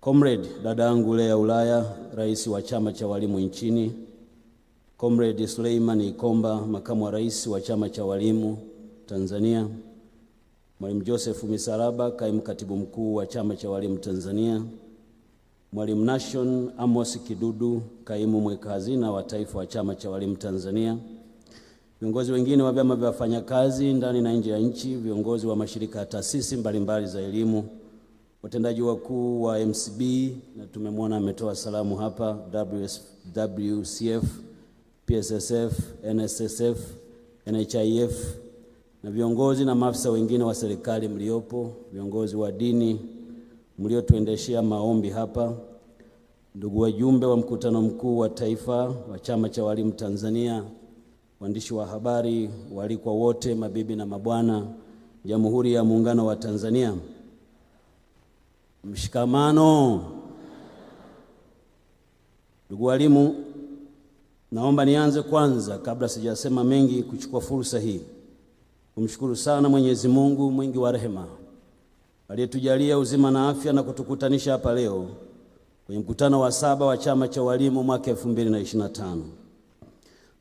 Comrade dada yangu Lea Ulaya, rais wa chama cha walimu nchini, Comrade Suleiman Ikomba, makamu wa rais wa chama cha walimu Tanzania, Mwalimu Joseph Misalaba, kaimu katibu mkuu wa chama cha walimu Tanzania, Mwalimu Nation Amos Kidudu, kaimu mweka hazina wa taifa wa chama cha walimu Tanzania, viongozi wengine wa vyama vya wafanyakazi ndani na nje ya nchi, viongozi wa mashirika ya taasisi mbalimbali za elimu watendaji wakuu wa MCB na tumemwona ametoa salamu hapa, WS, WCF, PSSF, NSSF, NHIF na viongozi na maafisa wengine wa serikali mliopo, viongozi wa dini mliotuendeshea maombi hapa, ndugu wajumbe wa mkutano mkuu wa taifa wa chama cha walimu Tanzania, waandishi wa habari, walikwa wote, mabibi na mabwana, Jamhuri ya Muungano wa Tanzania mshikamano. Ndugu walimu, naomba nianze kwanza, kabla sijasema mengi, kuchukua fursa hii kumshukuru sana Mwenyezi Mungu mwingi wa rehema aliyetujalia uzima na afya na kutukutanisha hapa leo kwenye mkutano wa saba wa chama cha walimu mwaka 2025.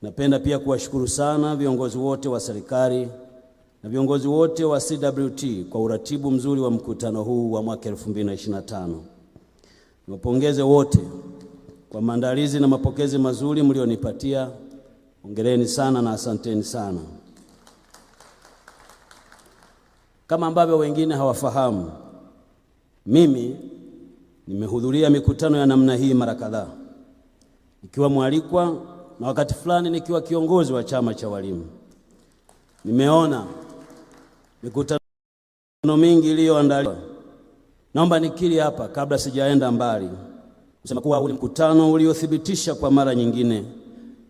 Napenda pia kuwashukuru sana viongozi wote wa serikali na viongozi wote wa CWT kwa uratibu mzuri wa mkutano huu wa mwaka 2025. Niwapongeze wote kwa maandalizi na mapokezi mazuri mlionipatia. Hongereni sana na asanteni sana. Kama ambavyo wengine hawafahamu, mimi nimehudhuria mikutano ya namna hii mara kadhaa, nikiwa mwalikwa na wakati fulani nikiwa kiongozi wa chama cha walimu. Nimeona mikutano mingi iliyoandaliwa. Naomba nikiri hapa kabla sijaenda mbali kusema kuwa ule mkutano uliothibitisha kwa mara nyingine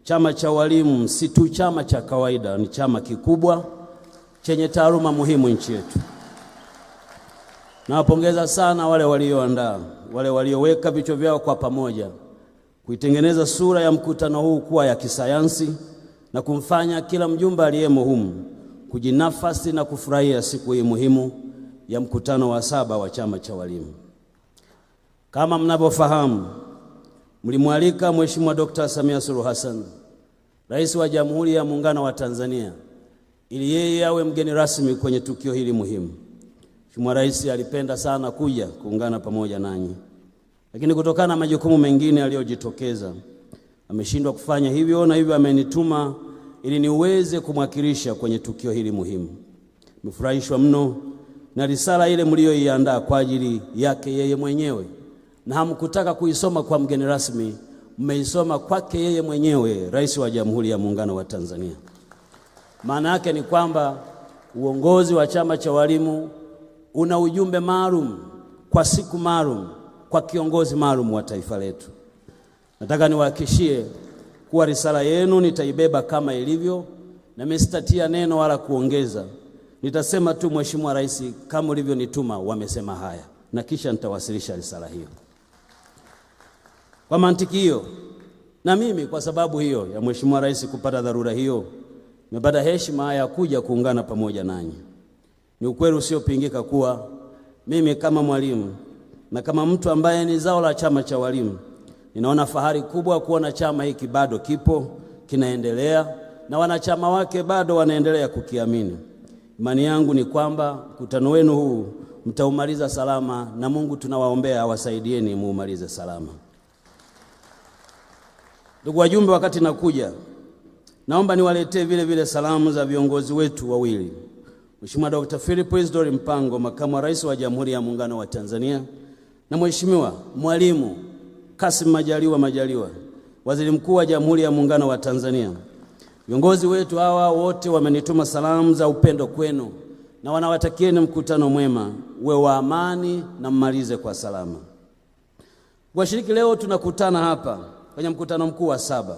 chama cha walimu si tu chama cha kawaida, ni chama kikubwa chenye taaluma muhimu nchi yetu. Nawapongeza sana wale walioandaa, wale walioweka vichwa vyao kwa pamoja kuitengeneza sura ya mkutano huu kuwa ya kisayansi na kumfanya kila mjumbe aliyemo humu kujinafasi na kufurahia siku hii muhimu ya mkutano wa saba wa chama cha walimu. Kama mnavyofahamu, mlimwalika Mheshimiwa Dkt. Samia Suluhu Hassan, Rais wa Jamhuri ya Muungano wa Tanzania, ili yeye awe mgeni rasmi kwenye tukio hili muhimu. Mheshimiwa Rais alipenda sana kuja kuungana pamoja nanyi, lakini kutokana na majukumu mengine aliyojitokeza ameshindwa kufanya hivyo, na hivyo amenituma ili niweze kumwakilisha kwenye tukio hili muhimu. Nimefurahishwa mno na risala ile mliyoiandaa kwa ajili yake yeye mwenyewe, na hamkutaka kuisoma kwa mgeni rasmi, mmeisoma kwake yeye mwenyewe, Rais wa Jamhuri ya Muungano wa Tanzania. Maana yake ni kwamba uongozi wa Chama cha Walimu una ujumbe maalum kwa siku maalum kwa kiongozi maalum wa taifa letu. Nataka niwahakishie kuwa risala yenu nitaibeba kama ilivyo, nami sitatia neno wala kuongeza. Nitasema tu, Mheshimiwa Rais, kama ulivyonituma wamesema haya, na kisha nitawasilisha risala hiyo. Kwa mantiki hiyo, na mimi kwa sababu hiyo ya Mheshimiwa Rais kupata dharura hiyo, nimepata heshima ya kuja kuungana pamoja nanyi. Ni ukweli usiopingika kuwa mimi kama mwalimu na kama mtu ambaye ni zao la chama cha walimu Ninaona fahari kubwa kuona chama hiki bado kipo, kinaendelea na wanachama wake bado wanaendelea kukiamini. Imani yangu ni kwamba mkutano wenu huu mtaumaliza salama, na Mungu tunawaombea awasaidieni muumalize salama. Ndugu wajumbe, wakati nakuja, naomba niwaletee vile vile salamu za viongozi wetu wawili, Mheshimiwa Dr. Philip Isdor Mpango, makamu wa rais wa Jamhuri ya Muungano wa Tanzania, na Mheshimiwa Mwalimu Kassim Majaliwa Majaliwa, waziri mkuu wa Jamhuri ya Muungano wa Tanzania. Viongozi wetu hawa wote wamenituma salamu za upendo kwenu na wanawatakieni mkutano mwema, uwe wa amani na mmalize kwa salama. Washiriki, leo tunakutana hapa kwenye mkutano mkuu wa saba.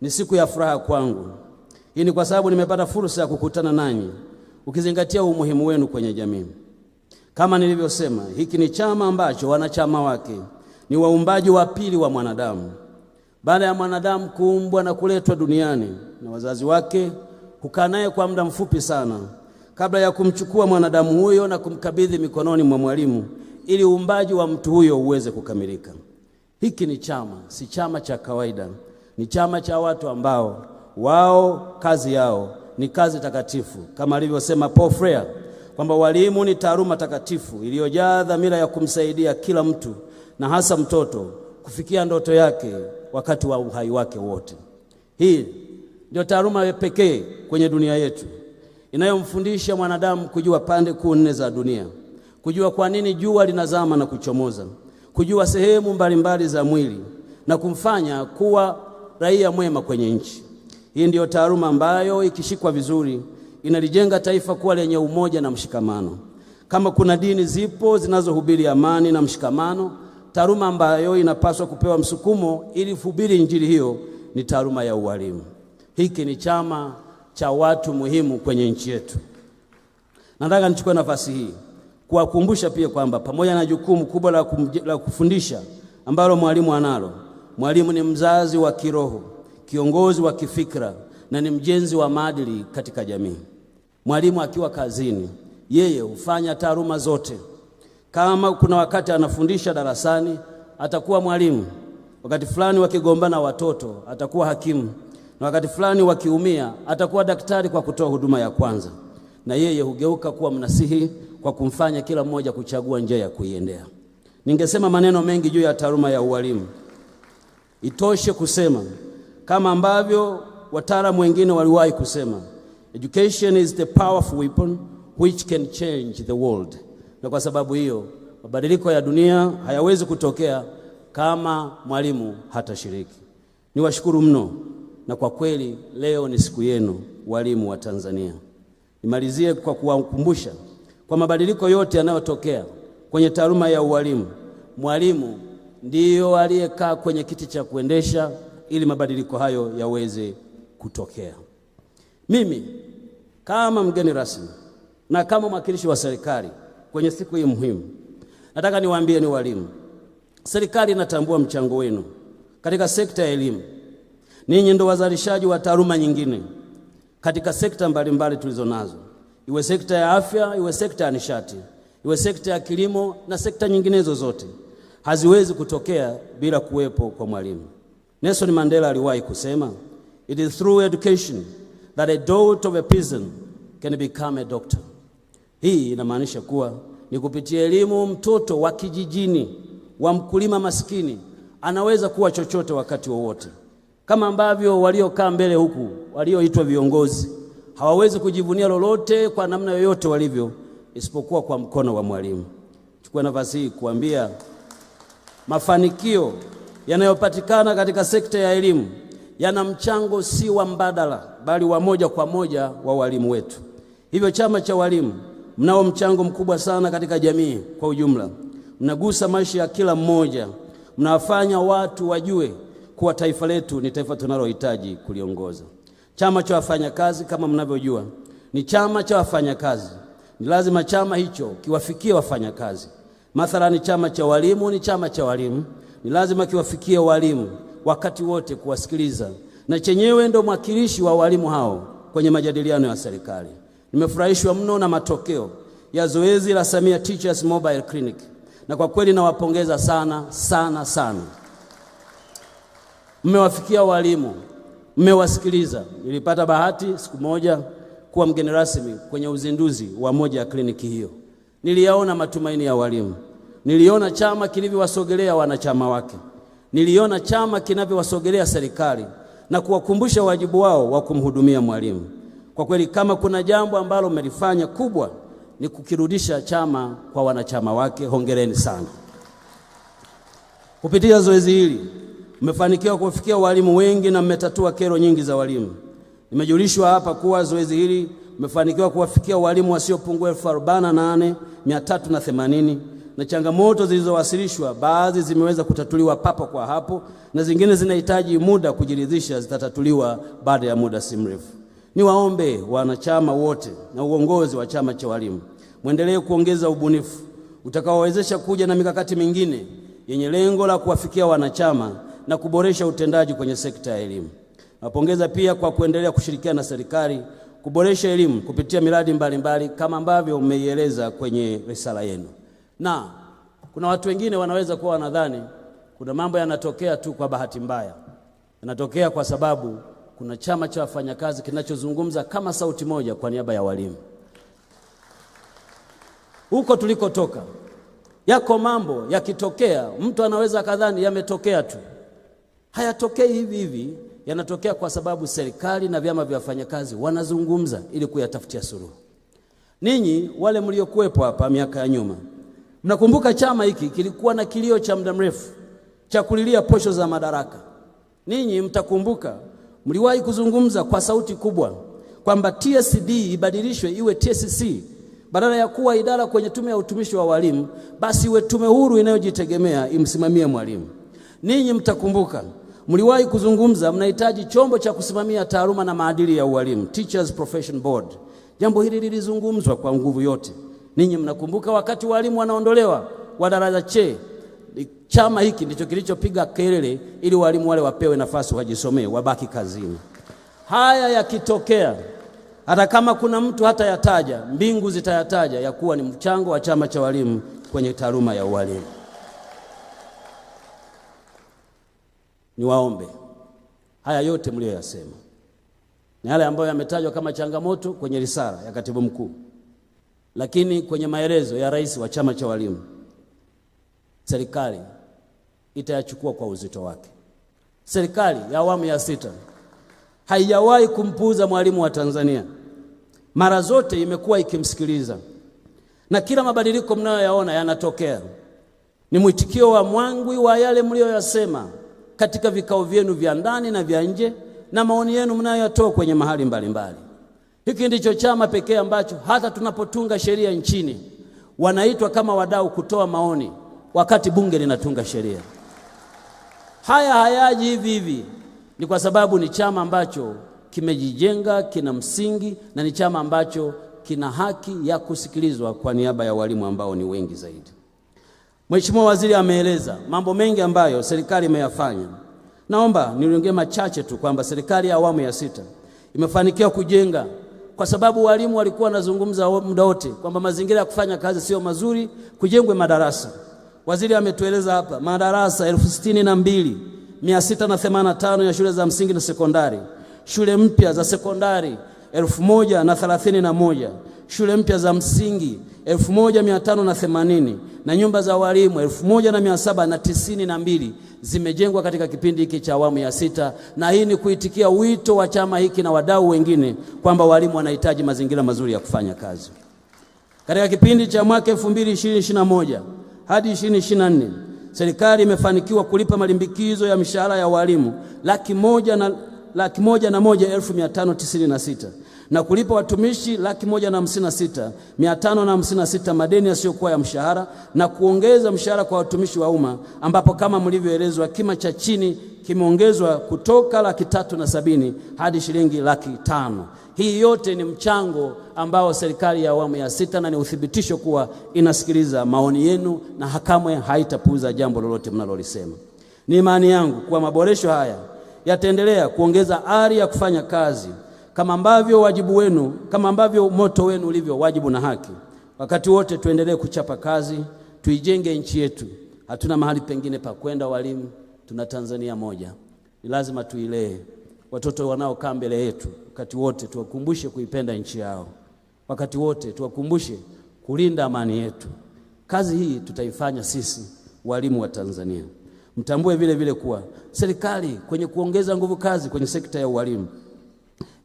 Ni siku ya furaha kwangu. Hii ni kwa sababu nimepata fursa ya kukutana nanyi, ukizingatia umuhimu wenu kwenye jamii. Kama nilivyosema, hiki ni chama ambacho wanachama wake ni waumbaji wa pili wa mwanadamu. Baada ya mwanadamu kuumbwa na kuletwa duniani na wazazi wake, hukaa naye kwa muda mfupi sana kabla ya kumchukua mwanadamu huyo na kumkabidhi mikononi mwa mwalimu ili uumbaji wa mtu huyo uweze kukamilika. Hiki ni chama, si chama cha kawaida. Ni chama cha watu ambao wao kazi yao ni kazi takatifu, kama alivyosema Paul Freire kwamba walimu ni taaluma takatifu iliyojaa dhamira ya kumsaidia kila mtu na hasa mtoto kufikia ndoto yake wakati wa uhai wake wote. Hii ndio taaluma pekee kwenye dunia yetu inayomfundisha mwanadamu kujua pande kuu nne za dunia, kujua kwa nini jua linazama na kuchomoza, kujua sehemu mbalimbali za mwili na kumfanya kuwa raia mwema kwenye nchi. Hii ndiyo taaluma ambayo ikishikwa vizuri inalijenga taifa kuwa lenye umoja na mshikamano. Kama kuna dini zipo zinazohubiri amani na mshikamano Taaluma ambayo inapaswa kupewa msukumo ili kuhubiri injili hiyo ni taaluma ya ualimu. Hiki ni chama cha watu muhimu kwenye nchi yetu. Nataka nichukue nafasi hii kuwakumbusha pia kwamba pamoja na jukumu kubwa la, la kufundisha ambalo mwalimu analo, mwalimu ni mzazi wa kiroho, kiongozi wa kifikra na ni mjenzi wa maadili katika jamii. Mwalimu akiwa kazini, yeye hufanya taaluma zote kama kuna wakati anafundisha darasani, atakuwa mwalimu. Wakati fulani wakigombana watoto, atakuwa hakimu, na wakati fulani wakiumia, atakuwa daktari kwa kutoa huduma ya kwanza, na yeye hugeuka kuwa mnasihi kwa kumfanya kila mmoja kuchagua njia ya kuiendea. Ningesema maneno mengi juu ya taaluma ya ualimu. Itoshe kusema kama ambavyo wataalamu wengine waliwahi kusema, education is the powerful weapon which can change the world. Na kwa sababu hiyo mabadiliko ya dunia hayawezi kutokea kama mwalimu hatashiriki. Niwashukuru mno, na kwa kweli leo ni siku yenu walimu wa Tanzania. Nimalizie kwa kuwakumbusha kwa mabadiliko yote yanayotokea kwenye taaluma ya ualimu, mwalimu ndiyo aliyekaa kwenye kiti cha kuendesha ili mabadiliko hayo yaweze kutokea. Mimi kama mgeni rasmi na kama mwakilishi wa serikali kwenye siku hii muhimu. Nataka niwaambie ni walimu, serikali inatambua mchango wenu katika sekta ya elimu. Ninyi ndio wazalishaji wa taaluma nyingine katika sekta mbalimbali tulizo nazo, iwe sekta ya afya, iwe sekta ya nishati, iwe sekta ya kilimo na sekta nyinginezo zote haziwezi kutokea bila kuwepo kwa mwalimu. Nelson Mandela aliwahi kusema, it is through education that a daughter of a prison can become a doctor. Hii inamaanisha kuwa ni kupitia elimu mtoto wa kijijini wa mkulima maskini anaweza kuwa chochote wakati wowote, kama ambavyo waliokaa mbele huku walioitwa viongozi hawawezi kujivunia lolote kwa namna yoyote walivyo, isipokuwa kwa mkono wa mwalimu. Chukua nafasi hii kuambia mafanikio yanayopatikana katika sekta ya elimu yana mchango si wa mbadala, bali wa moja kwa moja wa walimu wetu. Hivyo chama cha walimu mnao mchango mkubwa sana katika jamii kwa ujumla. Mnagusa maisha ya kila mmoja, mnawafanya watu wajue kuwa taifa letu ni taifa tunalohitaji kuliongoza. Chama cha wafanyakazi kama mnavyojua ni chama cha wafanyakazi, ni lazima chama hicho kiwafikie wafanyakazi. Mathalani, chama cha walimu ni chama cha walimu, ni lazima kiwafikie walimu wakati wote, kuwasikiliza, na chenyewe ndo mwakilishi wa walimu hao kwenye majadiliano ya serikali. Nimefurahishwa mno na matokeo ya zoezi la Samia Teachers Mobile Clinic, na kwa kweli nawapongeza sana sana sana. Mmewafikia walimu, mmewasikiliza. Nilipata bahati siku moja kuwa mgeni rasmi kwenye uzinduzi wa moja ya kliniki hiyo. Niliyaona matumaini ya walimu, niliona chama kilivyowasogelea wanachama wake, niliona chama kinavyowasogelea serikali na kuwakumbusha wajibu wao wa kumhudumia mwalimu. Kwa kweli kama kuna jambo ambalo mmelifanya kubwa ni kukirudisha chama kwa wanachama wake. Hongereni sana. Kupitia zoezi hili mmefanikiwa kuwafikia walimu wengi na mmetatua kero nyingi za walimu. Nimejulishwa hapa kuwa zoezi hili mmefanikiwa kuwafikia walimu wasiopungua themanini na changamoto zilizowasilishwa baadhi zimeweza kutatuliwa papo kwa hapo na zingine zinahitaji muda kujiridhisha, zitatatuliwa baada ya muda si mrefu. Niwaombe wanachama wote na uongozi wa chama cha walimu mwendelee kuongeza ubunifu utakaowezesha kuja na mikakati mingine yenye lengo la kuwafikia wanachama na kuboresha utendaji kwenye sekta ya elimu. Napongeza pia kwa kuendelea kushirikiana na serikali kuboresha elimu kupitia miradi mbalimbali mbali, kama ambavyo umeieleza kwenye risala yenu. Na kuna watu wengine wanaweza kuwa wanadhani kuna mambo yanatokea tu kwa bahati mbaya, yanatokea kwa sababu kuna chama cha wafanyakazi kinachozungumza kama sauti moja kwa niaba ya walimu. Huko tulikotoka yako mambo yakitokea, mtu anaweza kadhani yametokea tu. Hayatokei hivi hivi, yanatokea kwa sababu serikali na vyama vya wafanyakazi wanazungumza ili kuyatafutia suluhu. Ninyi wale mliokuwepo hapa miaka ya nyuma, mnakumbuka chama hiki kilikuwa na kilio cha muda mrefu cha kulilia posho za madaraka. Ninyi mtakumbuka Mliwahi kuzungumza kwa sauti kubwa kwamba TSD ibadilishwe iwe TSC badala ya kuwa idara kwenye tume ya utumishi wa walimu, basi iwe tume huru inayojitegemea imsimamie mwalimu. Ninyi mtakumbuka mliwahi kuzungumza mnahitaji chombo cha kusimamia taaluma na maadili ya ualimu, Teachers Profession Board. Jambo hili lilizungumzwa kwa nguvu yote. Ninyi mnakumbuka wakati walimu wanaondolewa wa daraja che Chama hiki ndicho kilichopiga kelele ili walimu wale wapewe nafasi wajisomee, wabaki kazini. Haya yakitokea, hata kama kuna mtu hata yataja, mbingu zitayataja ya kuwa ni mchango wa chama cha walimu kwenye taaluma ya ualimu. Niwaombe haya yote mliyoyasema na yale ambayo yametajwa kama changamoto kwenye risala ya katibu mkuu, lakini kwenye maelezo ya rais wa chama cha walimu, serikali itayachukua kwa uzito wake. Serikali ya awamu ya sita haijawahi kumpuuza Mwalimu wa Tanzania, mara zote imekuwa ikimsikiliza, na kila mabadiliko mnayoyaona yanatokea ni mwitikio wa mwangwi wa yale mliyoyasema katika vikao vyenu vya ndani na vya nje na maoni yenu mnayoyatoa kwenye mahali mbalimbali. Hiki ndicho chama pekee ambacho hata tunapotunga sheria nchini wanaitwa kama wadau kutoa maoni wakati bunge linatunga sheria. Haya hayaji hivi hivi, ni kwa sababu ni chama ambacho kimejijenga, kina msingi na ni chama ambacho kina haki ya kusikilizwa kwa niaba ya walimu ambao ni wengi zaidi. Mheshimiwa Waziri ameeleza mambo mengi ambayo serikali imeyafanya. Naomba niongee machache tu kwamba serikali ya awamu ya sita imefanikiwa kujenga, kwa sababu walimu walikuwa wanazungumza muda wote kwamba mazingira ya kufanya kazi sio mazuri, kujengwe madarasa Waziri ametueleza hapa madarasa 62685 ya shule za msingi na sekondari, shule mpya za sekondari 1031, shule mpya za msingi 1580 na, na nyumba za walimu 1792 zimejengwa katika kipindi hiki cha awamu ya sita, na hii ni kuitikia wito wa chama hiki na wadau wengine kwamba walimu wanahitaji mazingira mazuri ya kufanya kazi. Katika kipindi cha mwaka 2020-2021 hadi 2024 serikali imefanikiwa kulipa malimbikizo ya mishahara ya walimu laki moja na, laki moja na moja elfu mia tano tisini na sita na kulipa watumishi laki moja na hamsini na sita mia tano na hamsini na sita madeni yasiyokuwa ya mshahara na kuongeza mshahara kwa watumishi wa umma ambapo kama mlivyoelezwa kima cha chini kimeongezwa kutoka laki tatu na sabini hadi shilingi laki tano. Hii yote ni mchango ambao serikali ya awamu ya sita, na ni uthibitisho kuwa inasikiliza maoni yenu na hakamwe haitapuuza jambo lolote mnalolisema. Ni imani yangu kuwa maboresho haya yataendelea kuongeza ari ya kufanya kazi kama ambavyo wajibu wenu, kama ambavyo moto wenu ulivyo wajibu na haki. Wakati wote tuendelee kuchapa kazi, tuijenge nchi yetu. Hatuna mahali pengine pa kwenda, walimu, tuna Tanzania moja, ni lazima tuilee watoto wanaokaa mbele yetu, wakati wote tuwakumbushe kuipenda nchi yao, wakati wote tuwakumbushe kulinda amani yetu. Kazi hii tutaifanya sisi walimu wa Tanzania. Mtambue vile vile kuwa serikali kwenye kuongeza nguvu kazi kwenye sekta ya ualimu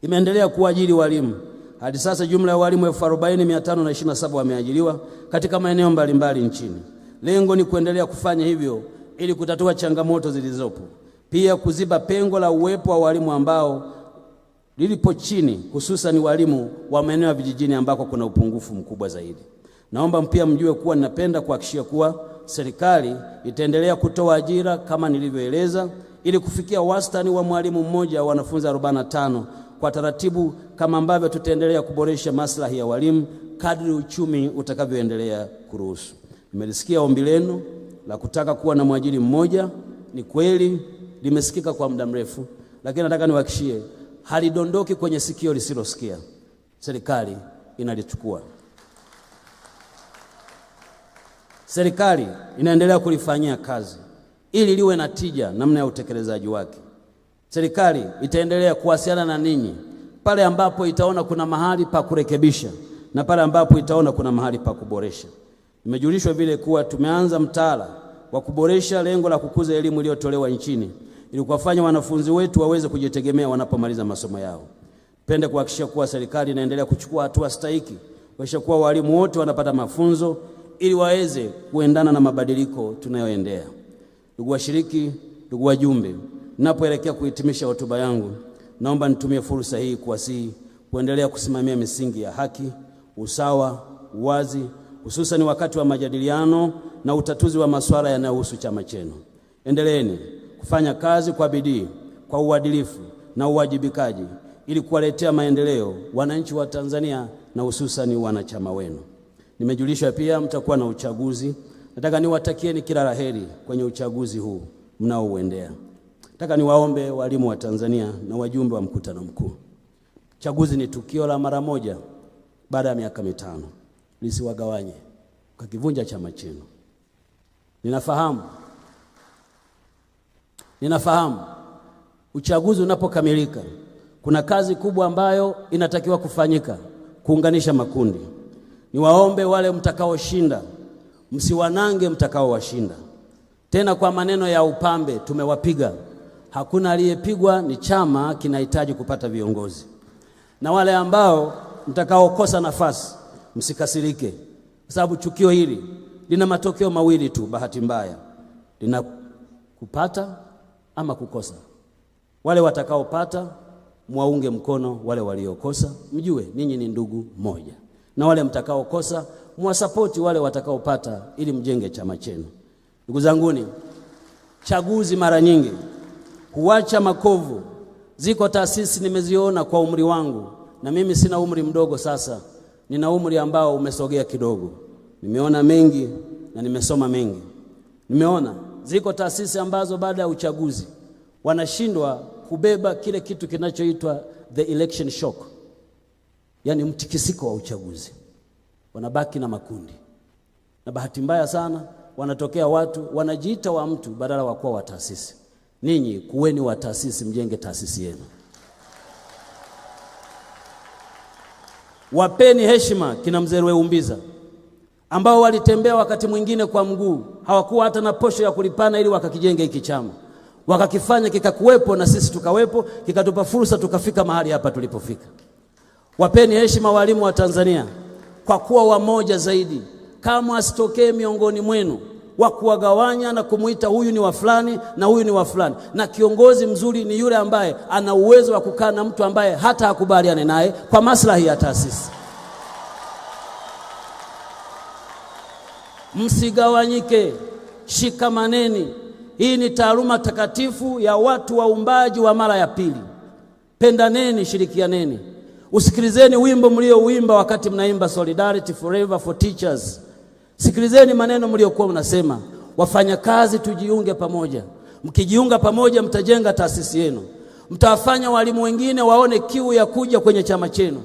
imeendelea kuajiri walimu. Hadi sasa jumla ya walimu 40,527 wameajiriwa katika maeneo mbalimbali nchini. Lengo ni kuendelea kufanya hivyo ili kutatua changamoto zilizopo. Pia kuziba pengo la uwepo wa walimu ambao lilipo chini, hususan walimu wa maeneo ya vijijini ambako kuna upungufu mkubwa zaidi. Naomba pia mjue kuwa ninapenda kuhakikishia kuwa serikali itaendelea kutoa ajira kama nilivyoeleza, ili kufikia wastani wa mwalimu mmoja wa wanafunzi 45 kwa taratibu, kama ambavyo tutaendelea kuboresha maslahi ya walimu kadri uchumi utakavyoendelea kuruhusu. Nimelisikia ombi lenu la kutaka kuwa na mwajiri mmoja. Ni kweli limesikika kwa muda mrefu, lakini nataka niwahakishie halidondoki kwenye sikio lisilosikia. Serikali inalichukua, serikali inaendelea kulifanyia kazi ili liwe na tija namna ya utekelezaji wake. Serikali itaendelea kuwasiliana na ninyi pale ambapo itaona kuna mahali pa kurekebisha na pale ambapo itaona kuna mahali pa kuboresha. Imejulishwa vile kuwa tumeanza mtaala wa kuboresha lengo la kukuza elimu iliyotolewa nchini ili kuwafanya wanafunzi wetu waweze kujitegemea wanapomaliza masomo yao. Pende kuhakikisha kuwa serikali inaendelea kuchukua hatua stahiki kuhakikisha kuwa walimu wote wanapata mafunzo ili waweze kuendana na mabadiliko tunayoendea. Ndugu washiriki, ndugu wajumbe, ninapoelekea kuhitimisha hotuba yangu, naomba nitumie fursa hii kuwasihi kuendelea kusimamia misingi ya haki, usawa, uwazi, hususani wakati wa majadiliano na utatuzi wa masuala yanayohusu chama chenu. Endeleeni kufanya kazi kwa bidii, kwa uadilifu na uwajibikaji ili kuwaletea maendeleo wananchi wa Tanzania na hususani wanachama wenu. Nimejulishwa pia mtakuwa na uchaguzi. Nataka niwatakieni kila laheri kwenye uchaguzi huu mnaouendea. Nataka niwaombe walimu wa Tanzania na wajumbe wa mkutano mkuu, chaguzi ni tukio la mara moja baada ya miaka mitano, lisiwagawanye kakivunja chama chenu. Ninafahamu Ninafahamu uchaguzi unapokamilika, kuna kazi kubwa ambayo inatakiwa kufanyika, kuunganisha makundi. Niwaombe wale mtakaoshinda, msiwanange mtakaowashinda tena kwa maneno ya upambe, tumewapiga. Hakuna aliyepigwa, ni chama kinahitaji kupata viongozi. Na wale ambao mtakaokosa nafasi, msikasirike, kwa sababu chukio hili lina matokeo mawili tu, bahati mbaya linakupata ama kukosa. Wale watakaopata mwaunge mkono wale waliokosa, mjue ninyi ni ndugu moja, na wale mtakaokosa mwasapoti wale watakaopata, ili mjenge chama chenu. Ndugu zanguni, chaguzi mara nyingi huacha makovu. Ziko taasisi nimeziona kwa umri wangu, na mimi sina umri mdogo sasa, nina umri ambao umesogea kidogo. Nimeona mengi na nimesoma mengi, nimeona ziko taasisi ambazo baada ya uchaguzi wanashindwa kubeba kile kitu kinachoitwa the election shock, yaani mtikisiko wa uchaguzi, wanabaki na makundi, na bahati mbaya sana wanatokea watu wanajiita wa mtu badala wa kuwa wa taasisi. Ninyi kuweni wa taasisi, mjenge taasisi yenu. Wapeni heshima kina mzee Rweumbiza ambao walitembea wakati mwingine kwa mguu hawakuwa hata na posho ya kulipana ili wakakijenge hiki chama, wakakifanya kikakuwepo na sisi tukawepo, kikatupa fursa tukafika mahali hapa tulipofika. Wapeni heshima walimu wa Tanzania kwa kuwa wamoja zaidi. Kama asitokee miongoni mwenu wa kuwagawanya na kumwita huyu ni wa fulani na huyu ni wa fulani. Na kiongozi mzuri ni yule ambaye ana uwezo wa kukaa na mtu ambaye hata hakubaliane naye kwa maslahi ya taasisi. msigawanyike, shikamaneni. Hii ni taaluma takatifu ya watu waumbaji wa mara ya pili. Pendaneni, shirikianeni. Usikilizeni wimbo mliouimba wakati mnaimba Solidarity Forever for Teachers. Sikilizeni maneno mliokuwa unasema, wafanyakazi tujiunge pamoja. Mkijiunga pamoja, mtajenga taasisi yenu, mtawafanya walimu wengine waone kiu ya kuja kwenye chama chenu.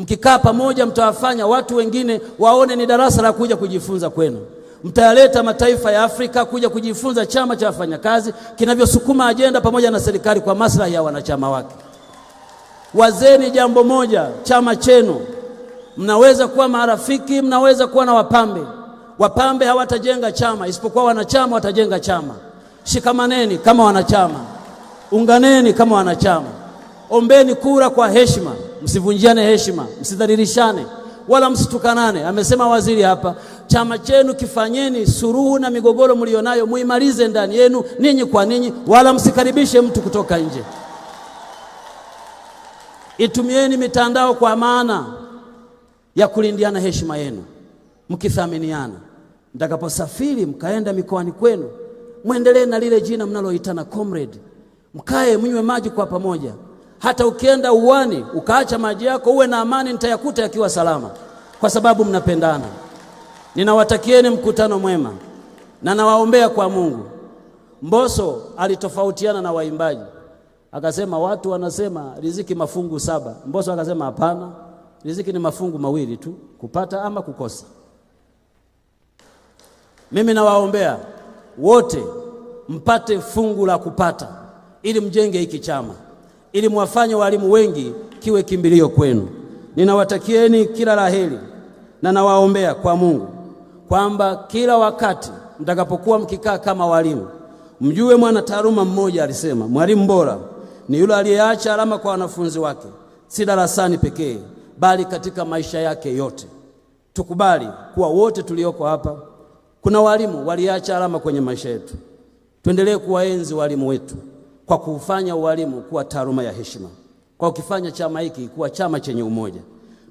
Mkikaa pamoja, mtawafanya watu wengine waone ni darasa la kuja kujifunza kwenu. Mtayaleta mataifa ya Afrika kuja kujifunza chama cha wafanyakazi kinavyosukuma ajenda pamoja na serikali kwa maslahi ya wanachama wake. Wazeni jambo moja, chama chenu mnaweza kuwa marafiki, mnaweza kuwa na wapambe. Wapambe hawatajenga chama, isipokuwa wanachama watajenga chama. Shikamaneni kama wanachama, unganeni kama wanachama, ombeni kura kwa heshima msivunjiane heshima, msidhalilishane wala msitukanane. Amesema waziri hapa, chama chenu kifanyeni suruhu na migogoro mlionayo muimalize ndani yenu ninyi kwa ninyi, wala msikaribishe mtu kutoka nje. Itumieni mitandao kwa maana ya kulindiana heshima yenu, mkithaminiana. Mtakaposafiri mkaenda mikoani kwenu, mwendelee na lile jina mnaloitana comrade, mkae mnywe maji kwa pamoja hata ukienda uwani ukaacha maji yako, uwe na amani, nitayakuta yakiwa salama, kwa sababu mnapendana. Ninawatakieni mkutano mwema na nawaombea kwa Mungu. Mbosso alitofautiana na waimbaji, akasema watu wanasema riziki mafungu saba. Mbosso akasema hapana, riziki ni mafungu mawili tu, kupata ama kukosa. Mimi nawaombea wote mpate fungu la kupata, ili mjenge hiki chama ili mwafanye walimu wengi kiwe kimbilio kwenu. Ninawatakieni kila laheri na nawaombea kwa Mungu kwamba kila wakati mtakapokuwa mkikaa kama walimu, mjue mwana taaluma mmoja alisema, mwalimu bora ni yule aliyeacha alama kwa wanafunzi wake, si darasani pekee, bali katika maisha yake yote. Tukubali kuwa wote tulioko hapa kuna walimu waliacha alama kwenye maisha yetu. Tuendelee kuwaenzi walimu wetu kwa kuufanya ualimu kuwa taaluma ya heshima, kwa ukifanya chama hiki kuwa chama chenye umoja,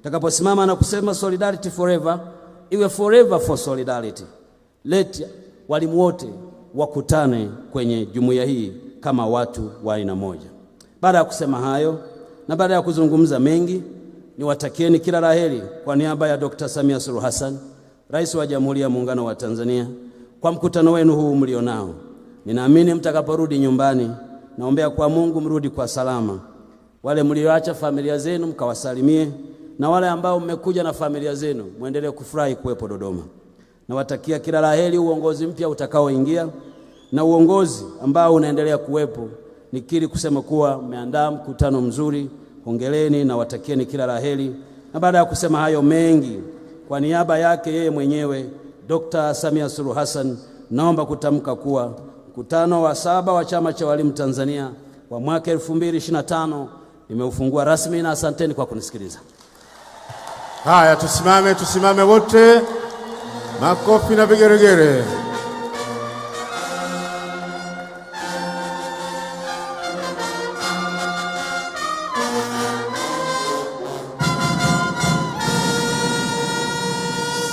takaposimama na kusema solidarity forever, iwe forever for solidarity. Let walimu wote wakutane kwenye jumuiya hii kama watu wa aina moja. Baada ya kusema hayo na baada ya kuzungumza mengi, niwatakieni kila laheri kwa niaba ya Dr. Samia Suluhu Hassan, Rais wa Jamhuri ya Muungano wa Tanzania, kwa mkutano wenu huu mlionao. Ninaamini mtakaporudi nyumbani Naombea kwa Mungu mrudi kwa salama, wale mlioacha familia zenu mkawasalimie, na wale ambao mmekuja na familia zenu muendelee kufurahi kuwepo Dodoma. Nawatakia kila laheri uongozi mpya utakaoingia na uongozi ambao unaendelea kuwepo. Nikiri kusema kuwa mmeandaa mkutano mzuri, hongereni na kila laheri. Na baada ya kusema hayo mengi, kwa niaba yake yeye mwenyewe Dr. Samia Suluhu Hassan, naomba kutamka kuwa Mkutano wa saba wa Chama cha Walimu Tanzania wa mwaka 2025 nimeufungua rasmi na asanteni kwa kunisikiliza. Haya, tusimame, tusimame wote, makofi na vigeregere.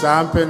Sampe.